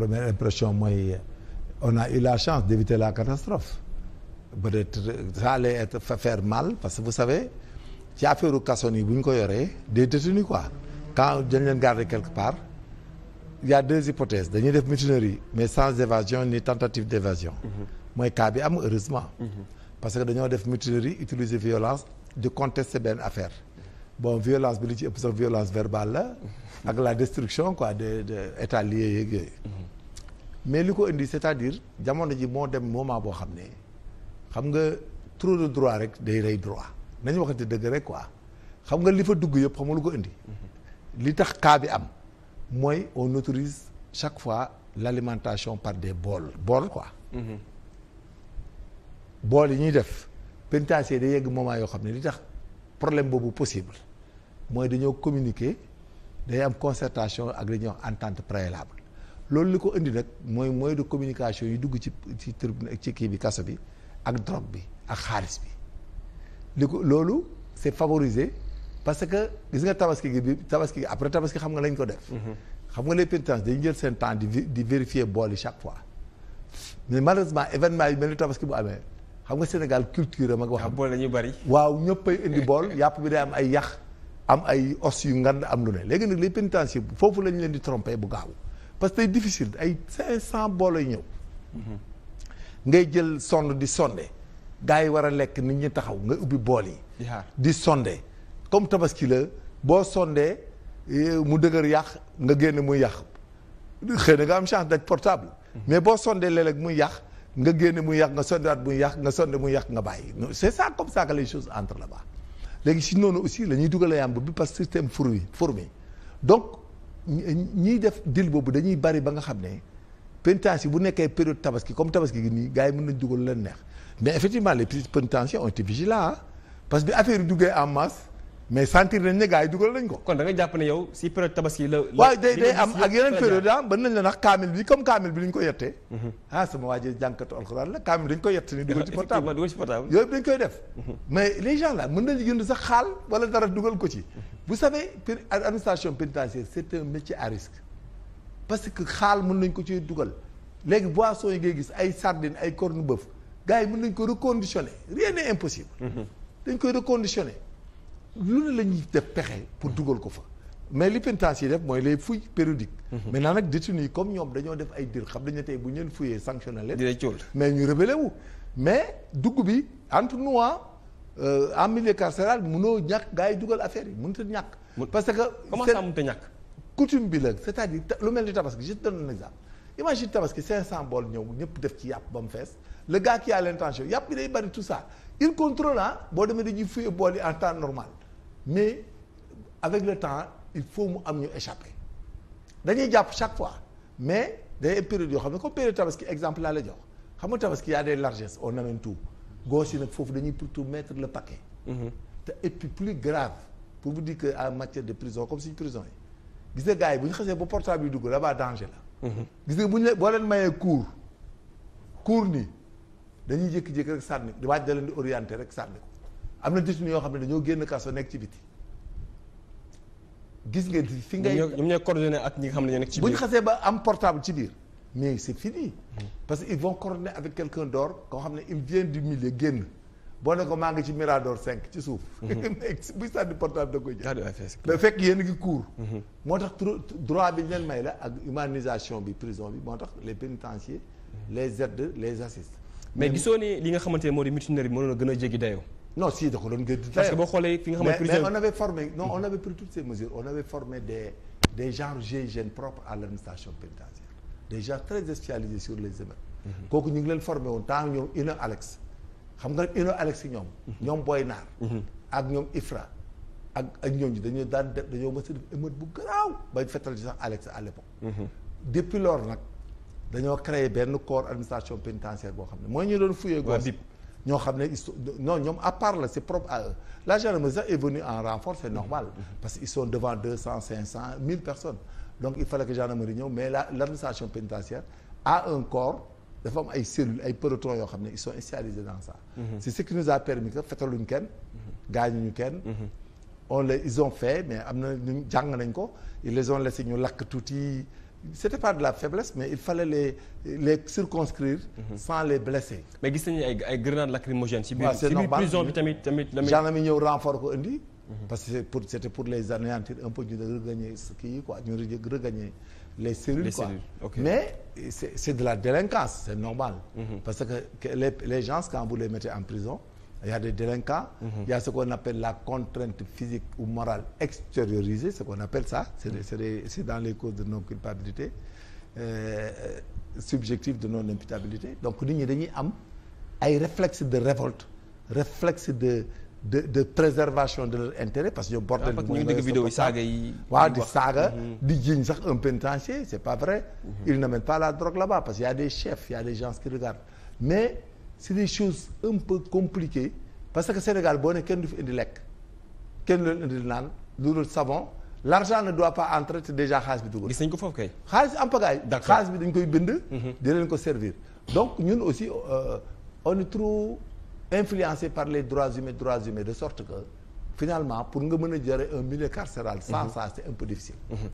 première impression mooy on a eu la chance d'éviter la catastrophe peut-être ça allait être faire mal parce que vous savez ci affaire kason yi bu ñu ko yoree des détenus quoi quand dañ leen garder quelque part il y a deux hypothèses dañuy def mutinerie mais sans évasion ni tentative d'évasion mm-hmm. mooy cas bi am heureusement mm-hmm. parce que dañoo def mutinerie utiliser violence di contester benn affaire bon violence bi li ci ëpp sax violence verbale la ak la destruction quoi de de état lié yeeg yooyu mais li ko indi c'est-à-dire jamono ji moo dem moment boo xam ne xam nga trop de droit rek day rey droit nañu waxante dëgg rek quoi xam nga li fa dugg yëpp xam nga lu ko indi li tax cas bi am mooy on autorise chaque fois l'alimentation par des bool bool quoi bool yi ñuy def pénitencier day yegg moment yoo xam ne li tax problème boobu possible mooy dañoo communiquer day am concertation ak li ñuy wax entente préalable loolu li ko indi nag mooy mooy de communication yu dugg ci ci tribunal ci kii bi kaso bi ak drogue bi ak xaalis bi li ko loolu c'est favoriser parce que gis nga tabaski gi bi tabaski gi après tabaski xam nga lañ ko def. Mhm. xam nga les pénitences dañu jël seen temps di di vérifier bool yi chaque fois mais malheureusement yi mel tabaski bu amee xam nga Sénégal culture mag wax waxam ah, bool la ñuy bari. waaw ñëppay indi bool yàpp bi day am ay yax. am ay os yu ngand am lu ne léegi nag les pénitenciers foofu lañ leen di tromper bu gaaw parce que c'est difficile ay 500 boolay ñëw. ngay jël sonde di sonde gars yi war a lekk nit ñi taxaw nga ubbi bool yi. di sonde comme tabaski la boo sondee eh, mu dëgër yàq nga génn muy yàq xëy na nga am chance daj mm-hmm. mais boo sondee léeg-léeg muy yàq nga génne muy yàq nga sondewaat muy yàq nga sonde muy yàq nga bàyyi c'est ça comme ça que les choses entrent là léegi si noonu aussi la ñuy dugal yàmb bi parce que système fourmi fourmi donc ñiy def dil boobu dañuy bari ba nga xam ne pénitencier bu nekkee période tabaski comme tabaski gi nii gars yi mën nañ dugal leen neex mais effectivement les petits pénitenciers ont été vigilants ah. parce bi affaire yi duggee en masse mais sentir nañ ne gars yi dugal nañ ko. kon da nga jàpp ne yow si période tabaski la. waaw day day am ak yeneen période ah ban nañ la nax kaamil bi comme kaamil bi dañ ko yettee. Mhm. ah sama waa ji jànkatu alxuraan la kaamil dañ ko yett ni dugal ci portable dugal ci portable. dañ koy def. Mhm. mais les gens là mën nañu jënd sax xaal wala dara dugal ko ci. Mhm. vous savez administration pénitentiaire c'est un métier à risque parce que xaal mun nañ ko ci dugal léegi boi yi ngay gis ay sardines ay corne bœuf gars yi mën nañ ko reconditionner rien n'est impossible. dañ koy reconditionner. lu ne la ñuy def pexe pour dugal ko fa mais li pénitence yi def mooy les fouilles périodiques mhm. maintenant nag détenus yi comme ñoom dañoo def ay dir xam dañu tey bu ñu leen fuyee sanctionné mais ñu rebelle wu mais dugg bi entre nous euh, en milieu carcéral mënoo ñàkk gars yi dugal affaire yi mënut a ñàkk parce que comment ça mënut a bi la cest lu mel ni tabaski je te donne un exemple imagine tabaski cinq cent bool ñëw ñëpp def ci yàpp ba mu fees le gars qui a l'intention yàpp bi day bari tout ça il contrôle boo demee dañuy fuyee bool yi en temps normal mais avec le temps il faut mu am ñu échapper dañuy jàpp chaque fois mais day am yoo xam ne comme période tabaski exemple laa la jox xam nga tabaski y a des largesses on amène yi nag foofu dañuy plutôt mettre le paquet. Mm-hmm. te et puis plus grave pour vous dire en matière de prison comme suñu prison yi gis nga gars yi bu ñu xasee ba portable yi dugg là-bas danger la. Mm-hmm. gis nga bu ñu boo leen mayee cour cour ni dañuy jékki-jékki rek sànni waaj da leen di orienté rek sànni ko. am na détenu yoo xam ne dañoo génn kaso nekk ci biti gis nga fi ngay ñoom ñooy coordonné ak ñi nga xam ne ñoo nekk ci biir bu ñu xasee ba am portable ci biir mais c'est fini parce que ils vont coordonner avec quelqu'un d'or koo xam ne il vient du milieu génn boo ne ko maa ngi ci Mirador 5 ci suuf. Mhm. buy sànni portable da koy jël. fekk yéen ngi cour mhm. moo tax droit bi ñu leen may la ak humanisation bi prison bi moo tax les pénitenciers les aides les assistent. mais gisoo ne nga xamante ne moo di mutinerie bi mënoon a gën dayoo. non si da ko doon gën di. parce que des des genres GIGN propres à l'administration pénitentiaire des gens très sur les émeutes. Mhm. kooku ñu ngi leen formé woon temps ñoom Ino nga nag Ino ñoom. Mhm. ñoom Boy Naar. Mhm. ak ñoom Ifra. ak ak ñooñu dañoo daan def dañoo mës a def bu garaaw bay fetal ci sax Alex alepo l'époque. depuis nag dañoo créé benn corps administration pénitentiaire boo xam ne mooy ñu doon fuyee. waaw ñoo xam ne non ñoom à la c'est propre à eux la gendarmerie sax est venue en renfort c'est normal mm-hmm. parce que ils sont devant deux cent cinq cent mille personnes donc il fallait que gendarmerie ñëw mais la l'administration pénitentiaire a un corps dafa am ay cellules ay pelotons yoo xam ne ils sont spécialisés dans ça mm-hmm. c'est ce qui nous a permis que fetaluñ kenn mm-hmm. gaañuñu kenn on les ils ont fait mais am na ñu jàng nañ ko ils les ont ñu lakk tuuti c'était pas de la faiblesse mais il fallait les les circonscrire. Mhm. sans les blesser. mais gis ay ay grenades lacrymogènes. ci biir ci biir prison renfort ko indi. Mhm. parce que c'était pour les anéantir un peu ñu regagner kii quoi ñu regagner les cellules. les mais c'est de la délinquance c'est normal. Mhm. parce que les gens quand vous les mettez en prison. il y a des mhm. ce qu'on appelle la contrainte physique ou morale extériorisée ce qu'on appelle ça c'est des c'est dans les causes de non culpabilité euh, subjectif de non imputabilité donc nit ñi dañuy am ay réflexe de révolte réflexe de de de préservation de leur intérêt parce que ñoom bordel ah, bi ñu dégg vidéo yi saaga yi waaw di saaga mhm. di jiiñ sax un pénitencier c'est pas vrai mm -hmm. ils pas la drogue là-bas parce que y a des chefs y des gens qui regardent c'est des choses un peu compliquées parce que Sénégal boo ne kenn du fi indi lekk kenn du indi naan lu dul savon l'argent ne doit pas entrer te déjà xaalis bi dugal. gis nañ ko foofu kay. xaalis en pagaille. xaalis bi dañ koy bind. Mhm. di leen ko servir donc ñun aussi euh, on trop influencé par les droits humains droits humains de sorte que finalement pour nga mën a gérer un milieu carcéral. sans mhm. ça c'est un peu difficile. Mhm.